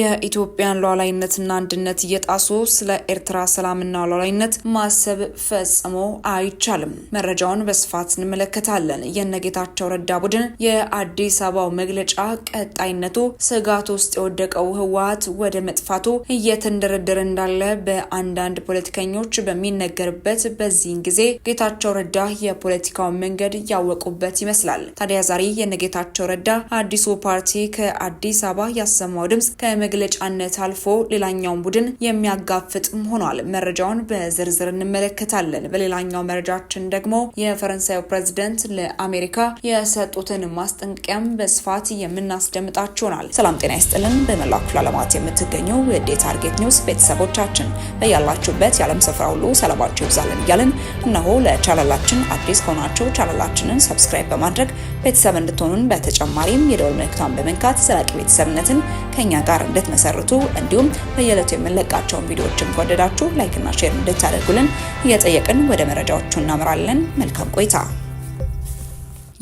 የኢትዮጵያን ሉዓላዊነትና አንድነት እየጣሱ ስለ ኤርትራ ሰላምና ሉዓላዊነት ማሰብ ፈጽሞ አይቻልም። መረጃውን በስፋት እንመለከታለን። የነጌታቸው ረዳ ቡድን የአዲስ አበባው መግለጫ ቀጣይነቱ ስጋት ውስጥ የወደቀው ህወሓት ወደ መጥፋቱ እየተንደረደረ እንዳለ በአንዳንድ ፖለቲከኞች በሚነገርበት በዚህን ጊዜ ጌታቸው ረዳ የፖለቲካውን መንገድ ያወቁበት ይመስላል። ታዲያ ዛሬ የነጌታቸው ረዳ አዲሱ ፓርቲ ከአዲስ አበባ ያሰማው ድምፅ በመግለጫነት አልፎ ሌላኛውን ቡድን የሚያጋፍጥ ሆኗል። መረጃውን በዝርዝር እንመለከታለን። በሌላኛው መረጃችን ደግሞ የፈረንሳዩ ፕሬዝደንት ለአሜሪካ የሰጡትን ማስጠንቀቂያም በስፋት የምናስደምጣችሁ ይሆናል። ሰላም ጤና ይስጥልን። በመላው ክፍለ ዓለማት የምትገኙ የዴ ታርጌት ኒውስ ቤተሰቦቻችን በያላችሁበት የዓለም ስፍራ ሁሉ ሰላማችሁ ይብዛልን እያልን እነሆ ለቻናላችን አዲስ ከሆናችሁ ቻናላችንን ሰብስክራይብ በማድረግ ቤተሰብ እንድትሆኑን በተጨማሪም የደወል ምልክቷን በመንካት ዘላቂ ቤተሰብነትን ከእኛ ጋር እንድትመሰርቱ እንዲሁም በየዕለቱ የምንለቃቸውን ቪዲዮዎችን ከወደዳችሁ ላይክና ሼር እንድታደርጉልን እየጠየቅን ወደ መረጃዎቹ እናምራለን። መልካም ቆይታ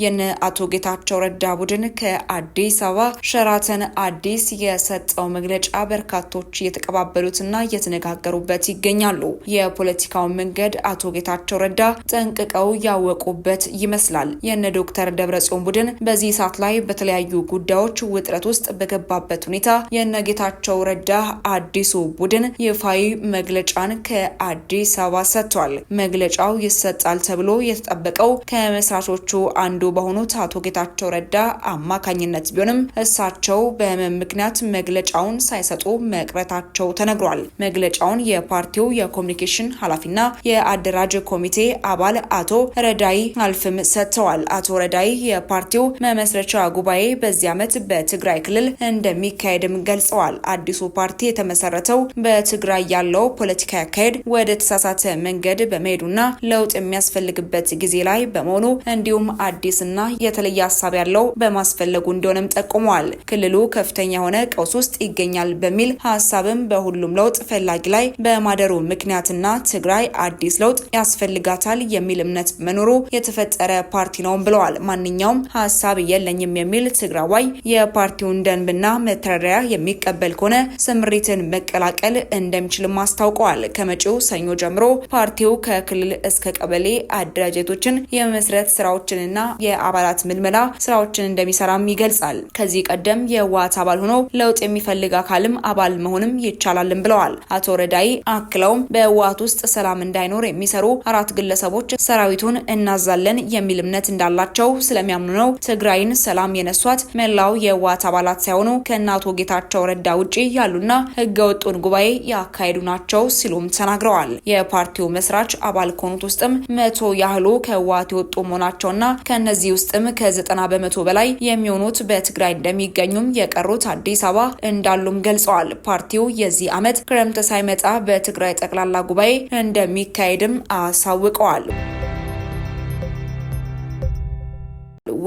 የነ አቶ ጌታቸው ረዳ ቡድን ከአዲስ አበባ ሸራተን አዲስ የሰጠው መግለጫ በርካቶች እየተቀባበሉትና እየተነጋገሩበት ይገኛሉ። የፖለቲካውን መንገድ አቶ ጌታቸው ረዳ ጠንቅቀው ያወቁበት ይመስላል። የነ ዶክተር ደብረጽዮን ቡድን በዚህ ሰዓት ላይ በተለያዩ ጉዳዮች ውጥረት ውስጥ በገባበት ሁኔታ የነ ጌታቸው ረዳ አዲሱ ቡድን ይፋዊ መግለጫን ከአዲስ አበባ ሰጥቷል። መግለጫው ይሰጣል ተብሎ የተጠበቀው ከመስራቾቹ አንዱ አንዱ በሆኑት አቶ ጌታቸው ረዳ አማካኝነት ቢሆንም እሳቸው በህመም ምክንያት መግለጫውን ሳይሰጡ መቅረታቸው ተነግሯል። መግለጫውን የፓርቲው የኮሚኒኬሽን ኃላፊና የአደራጅ ኮሚቴ አባል አቶ ረዳይ አልፍም ሰጥተዋል። አቶ ረዳይ የፓርቲው መመስረቻ ጉባኤ በዚህ ዓመት በትግራይ ክልል እንደሚካሄድም ገልጸዋል። አዲሱ ፓርቲ የተመሰረተው በትግራይ ያለው ፖለቲካዊ አካሄድ ወደ ተሳሳተ መንገድ በመሄዱና ለውጥ የሚያስፈልግበት ጊዜ ላይ በመሆኑ እንዲሁም አዲስ አዲስና የተለየ ሀሳብ ያለው በማስፈለጉ እንደሆነም ጠቁመዋል። ክልሉ ከፍተኛ የሆነ ቀውስ ውስጥ ይገኛል በሚል ሀሳብም በሁሉም ለውጥ ፈላጊ ላይ በማደሩ ምክንያትና ትግራይ አዲስ ለውጥ ያስፈልጋታል የሚል እምነት መኖሩ የተፈጠረ ፓርቲ ነውም ብለዋል። ማንኛውም ሀሳብ የለኝም የሚል ትግራዋይ የፓርቲውን ደንብና መተዳደሪያ የሚቀበል ከሆነ ስምሪትን መቀላቀል እንደሚችልም አስታውቀዋል። ከመጪው ሰኞ ጀምሮ ፓርቲው ከክልል እስከ ቀበሌ አደራጀቶችን የመስረት ስራዎችንና የአባላት ምልመላ ስራዎችን እንደሚሰራም ይገልጻል። ከዚህ ቀደም የህወሓት አባል ሆኖ ለውጥ የሚፈልግ አካልም አባል መሆንም ይቻላልም ብለዋል። አቶ ረዳይ አክለውም በህወሓት ውስጥ ሰላም እንዳይኖር የሚሰሩ አራት ግለሰቦች ሰራዊቱን እናዛለን የሚል እምነት እንዳላቸው ስለሚያምኑ ነው ትግራይን ሰላም የነሷት መላው የህወሓት አባላት ሳይሆኑ ከእነ አቶ ጌታቸው ረዳ ውጪ ያሉና ህገወጡን ጉባኤ ያካሄዱ ናቸው ሲሉም ተናግረዋል። የፓርቲው መስራች አባል ከሆኑት ውስጥም መቶ ያህሉ ከህወሓት የወጡ መሆናቸውና ከነ ከነዚህ ውስጥም ከዘጠና በመቶ በላይ የሚሆኑት በትግራይ እንደሚገኙም የቀሩት አዲስ አበባ እንዳሉም ገልጸዋል። ፓርቲው የዚህ ዓመት ክረምት ሳይመጣ በትግራይ ጠቅላላ ጉባኤ እንደሚካሄድም አሳውቀዋል።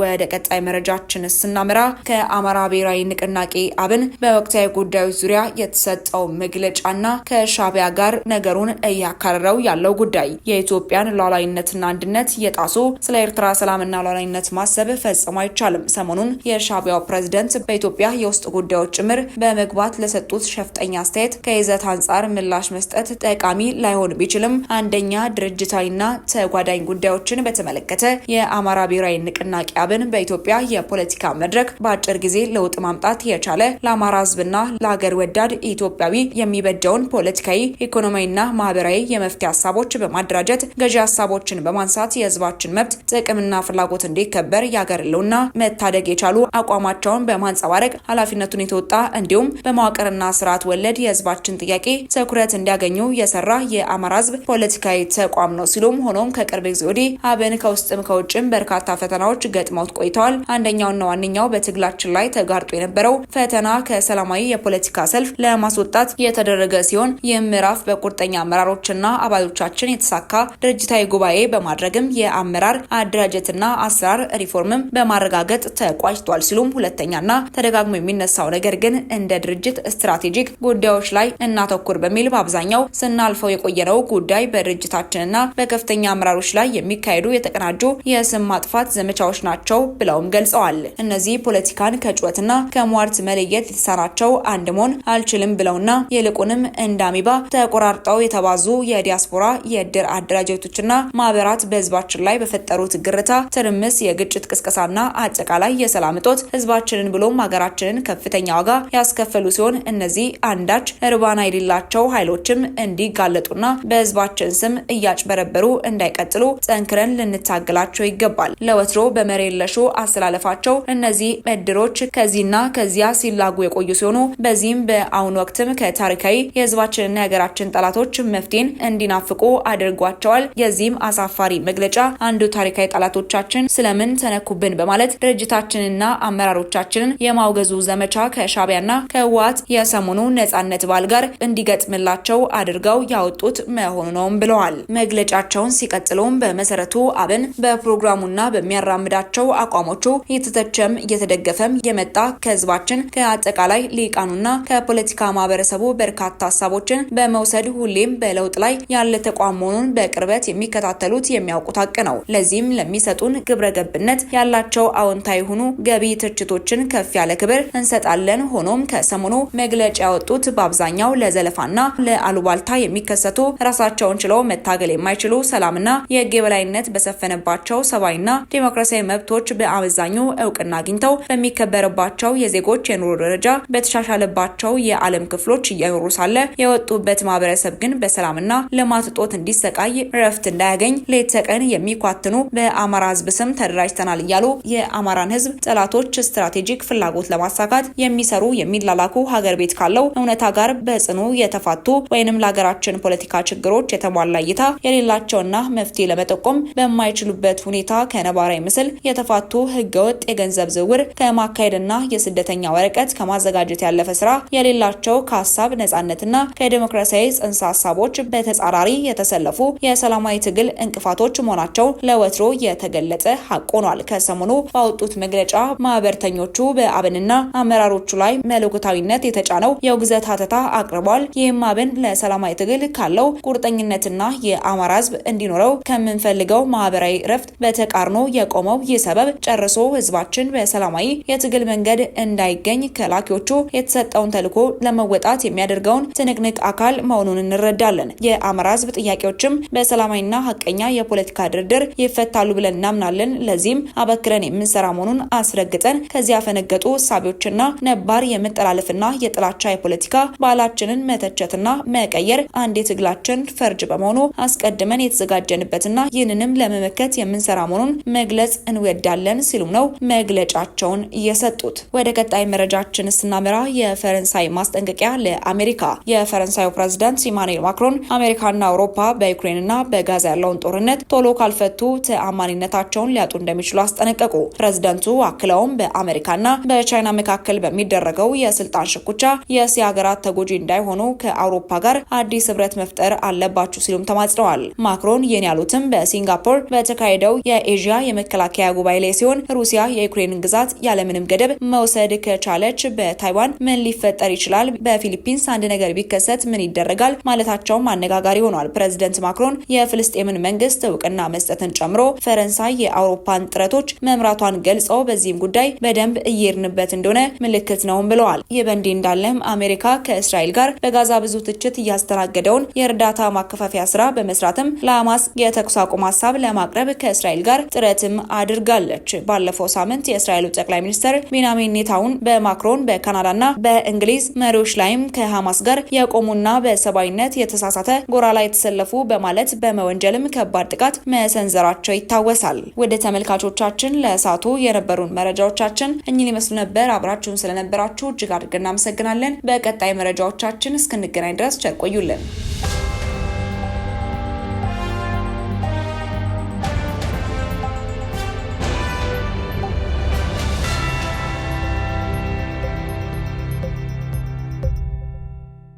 ወደ ቀጣይ መረጃችን ስናመራ ከአማራ ብሔራዊ ንቅናቄ አብን በወቅታዊ ጉዳዮች ዙሪያ የተሰጠው መግለጫና ከሻቢያ ጋር ነገሩን እያካረረው ያለው ጉዳይ የኢትዮጵያን ሉዓላዊነትና አንድነት የጣሱ ስለ ኤርትራ ሰላምና ሉዓላዊነት ማሰብ ፈጽሞ አይቻልም። ሰሞኑን የሻቢያው ፕሬዝደንት በኢትዮጵያ የውስጥ ጉዳዮች ጭምር በመግባት ለሰጡት ሸፍጠኛ አስተያየት ከይዘት አንጻር ምላሽ መስጠት ጠቃሚ ላይሆን ቢችልም አንደኛ ድርጅታዊና ተጓዳኝ ጉዳዮችን በተመለከተ የአማራ ብሔራዊ ንቅናቄ አብን በኢትዮጵያ የፖለቲካ መድረክ በአጭር ጊዜ ለውጥ ማምጣት የቻለ ለአማራ ህዝብና ለሀገር ወዳድ ኢትዮጵያዊ የሚበጀውን ፖለቲካዊ፣ ኢኮኖሚያዊና ማህበራዊ የመፍትሄ ሀሳቦች በማደራጀት ገዢ ሀሳቦችን በማንሳት የህዝባችን መብት ጥቅምና ፍላጎት እንዲከበር የሀገር ህልውና መታደግ የቻሉ አቋማቸውን በማንጸባረቅ ኃላፊነቱን የተወጣ እንዲሁም በመዋቅርና ስርዓት ወለድ የህዝባችን ጥያቄ ትኩረት እንዲያገኙ የሰራ የአማራ ህዝብ ፖለቲካዊ ተቋም ነው ሲሉም ሆኖም ከቅርብ ጊዜ ወዲህ አብን ከውስጥም ከውጭም በርካታ ፈተናዎች ገጥመ አስማት ቆይተዋል። አንደኛውና ዋነኛው በትግላችን ላይ ተጋርጦ የነበረው ፈተና ከሰላማዊ የፖለቲካ ሰልፍ ለማስወጣት የተደረገ ሲሆን ይህ ምዕራፍ በቁርጠኛ አመራሮችና አባሎቻችን የተሳካ ድርጅታዊ ጉባኤ በማድረግም የአመራር አደራጀትና አሰራር ሪፎርምም በማረጋገጥ ተቋጭቷል ሲሉም ሁለተኛና ተደጋግሞ የሚነሳው ነገር ግን እንደ ድርጅት ስትራቴጂክ ጉዳዮች ላይ እናተኩር በሚል በአብዛኛው ስናልፈው የቆየነው ጉዳይ በድርጅታችንና በከፍተኛ አመራሮች ላይ የሚካሄዱ የተቀናጁ የስም ማጥፋት ዘመቻዎች ናቸው ናቸው ብለውም ገልጸዋል። እነዚህ ፖለቲካን ከጩኸትና ከሟርት መለየት የተሳናቸው አንድ መሆን አልችልም ብለውና ይልቁንም እንደ አሚባ ተቆራርጠው የተባዙ የዲያስፖራ የእድር አደራጀቶችና ማህበራት በህዝባችን ላይ በፈጠሩት ግርታ፣ ትርምስ፣ የግጭት ቅስቀሳና አጠቃላይ የሰላም እጦት ህዝባችንን ብሎም ሀገራችንን ከፍተኛ ዋጋ ያስከፈሉ ሲሆን እነዚህ አንዳች እርባና የሌላቸው ኃይሎችም እንዲጋለጡና በህዝባችን ስም እያጭበረበሩ እንዳይቀጥሉ ጠንክረን ልንታገላቸው ይገባል። ለወትሮ በመሬት በግለሹ አስተላለፋቸው እነዚህ እድሮች ከዚህና ከዚያ ሲላጉ የቆዩ ሲሆኑ በዚህም በአሁኑ ወቅትም ከታሪካዊ የህዝባችንና የሀገራችን ጠላቶች መፍትሄን እንዲናፍቁ አድርጓቸዋል። የዚህም አሳፋሪ መግለጫ አንዱ ታሪካዊ ጠላቶቻችን ስለምን ተነኩብን በማለት ድርጅታችንና አመራሮቻችንን የማውገዙ ዘመቻ ከሻቢያና ከህወሓት የሰሞኑ ነጻነት በዓል ጋር እንዲገጥምላቸው አድርገው ያወጡት መሆኑ ነውም ብለዋል። መግለጫቸውን ሲቀጥሉም በመሰረቱ አብን በፕሮግራሙና በሚያራምዳቸው ያላቸው አቋሞቹ እየተተቸም እየተደገፈም የመጣ ከህዝባችን ከአጠቃላይ ሊቃኑና ከፖለቲካ ማህበረሰቡ በርካታ ሀሳቦችን በመውሰድ ሁሌም በለውጥ ላይ ያለ ተቋም መሆኑን በቅርበት የሚከታተሉት የሚያውቁት ሀቅ ነው። ለዚህም ለሚሰጡን ግብረ ገብነት ያላቸው አዎንታዊ የሆኑ ገቢ ትችቶችን ከፍ ያለ ክብር እንሰጣለን። ሆኖም ከሰሞኑ መግለጫ ያወጡት በአብዛኛው ለዘለፋና ለአሉባልታ የሚከሰቱ ራሳቸውን ችለው መታገል የማይችሉ ሰላምና የህግ የበላይነት በሰፈነባቸው ሰብአዊና ዲሞክራሲያዊ መብት መብቶች በአመዛኙ እውቅና አግኝተው በሚከበርባቸው የዜጎች የኑሮ ደረጃ በተሻሻለባቸው የዓለም ክፍሎች እየኖሩ ሳለ የወጡበት ማህበረሰብ ግን በሰላምና ልማት እጦት እንዲሰቃይ እረፍት እንዳያገኝ ሌት ተቀን የሚኳትኑ በአማራ ህዝብ ስም ተደራጅተናል እያሉ የአማራን ህዝብ ጠላቶች ስትራቴጂክ ፍላጎት ለማሳካት የሚሰሩ የሚላላኩ ሀገር ቤት ካለው እውነታ ጋር በጽኑ የተፋቱ ወይንም ለሀገራችን ፖለቲካ ችግሮች የተሟላ እይታ የሌላቸውና መፍትሄ ለመጠቆም በማይችሉበት ሁኔታ ከነባራዊ ምስል የተፋቱ ህገወጥ የገንዘብ ዝውውር ከማካሄድና የስደተኛ ወረቀት ከማዘጋጀት ያለፈ ስራ የሌላቸው ከሀሳብ ነጻነትና ከዲሞክራሲያዊ ጽንሰ ሀሳቦች በተጻራሪ የተሰለፉ የሰላማዊ ትግል እንቅፋቶች መሆናቸው ለወትሮ የተገለጸ ሀቅ ሆኗል። ከሰሞኑ ባወጡት መግለጫ ማህበርተኞቹ በአብንና አመራሮቹ ላይ መለኮታዊነት የተጫነው የውግዘት ሀተታ አቅርቧል። ይህም አብን ለሰላማዊ ትግል ካለው ቁርጠኝነትና የአማራ ህዝብ እንዲኖረው ከምንፈልገው ማህበራዊ እረፍት በተቃርኖ የቆመው ይህ ሰበብ ጨርሶ ህዝባችን በሰላማዊ የትግል መንገድ እንዳይገኝ ከላኪዎቹ የተሰጠውን ተልዕኮ ለመወጣት የሚያደርገውን ትንቅንቅ አካል መሆኑን እንረዳለን። የአማራ ህዝብ ጥያቄዎችም በሰላማዊና ሀቀኛ የፖለቲካ ድርድር ይፈታሉ ብለን እናምናለን። ለዚህም አበክረን የምንሰራ መሆኑን አስረግጠን ከዚ ያፈነገጡ ሳቢዎችና ነባር የመጠላለፍና የጥላቻ የፖለቲካ ባህላችንን መተቸትና መቀየር አንድ የትግላችን ፈርጅ በመሆኑ አስቀድመን የተዘጋጀንበትና ይህንንም ለመመከት የምንሰራ መሆኑን መግለጽ እንወዳለን። እንገዳለን ሲሉም ነው መግለጫቸውን የሰጡት። ወደ ቀጣይ መረጃችን ስናመራ የፈረንሳይ ማስጠንቀቂያ ለአሜሪካ። የፈረንሳዩ ፕሬዚዳንት ኢማኑኤል ማክሮን አሜሪካና አውሮፓ በዩክሬንና በጋዛ ያለውን ጦርነት ቶሎ ካልፈቱ ተአማኒነታቸውን ሊያጡ እንደሚችሉ አስጠነቀቁ። ፕሬዝደንቱ አክለውም በአሜሪካና በቻይና መካከል በሚደረገው የስልጣን ሽኩቻ የእስያ ሀገራት ተጎጂ እንዳይሆኑ ከአውሮፓ ጋር አዲስ ህብረት መፍጠር አለባችሁ ሲሉም ተማጽነዋል። ማክሮን ይህን ያሉትም በሲንጋፖር በተካሄደው የኤዥያ የመከላከያ ጉባኤ ጉባኤ ላይ ሲሆን ሩሲያ የዩክሬንን ግዛት ያለምንም ገደብ መውሰድ ከቻለች በታይዋን ምን ሊፈጠር ይችላል? በፊሊፒንስ አንድ ነገር ቢከሰት ምን ይደረጋል? ማለታቸውም አነጋጋሪ ሆኗል። ፕሬዚደንት ማክሮን የፍልስጤምን መንግስት እውቅና መስጠትን ጨምሮ ፈረንሳይ የአውሮፓን ጥረቶች መምራቷን ገልጸው በዚህም ጉዳይ በደንብ እየሄድንበት እንደሆነ ምልክት ነውም ብለዋል። ይህ በእንዲህ እንዳለም አሜሪካ ከእስራኤል ጋር በጋዛ ብዙ ትችት እያስተናገደውን የእርዳታ ማከፋፈያ ስራ በመስራትም ለሐማስ የተኩስ አቁም ሀሳብ ለማቅረብ ከእስራኤል ጋር ጥረትም አድርጋል። ትችላለች። ባለፈው ሳምንት የእስራኤሉ ጠቅላይ ሚኒስትር ቤንያሚን ኔታውን በማክሮን በካናዳና በእንግሊዝ መሪዎች ላይም ከሐማስ ጋር የቆሙና በሰብአዊነት የተሳሳተ ጎራ ላይ የተሰለፉ በማለት በመወንጀልም ከባድ ጥቃት መሰንዘራቸው ይታወሳል። ወደ ተመልካቾቻችን ለእሳቱ የነበሩን መረጃዎቻችን እኚህን ይመስሉ ነበር። አብራችሁን ስለነበራችሁ እጅግ አድርገን እናመሰግናለን። በቀጣይ መረጃዎቻችን እስክንገናኝ ድረስ ቸር ቆዩልን።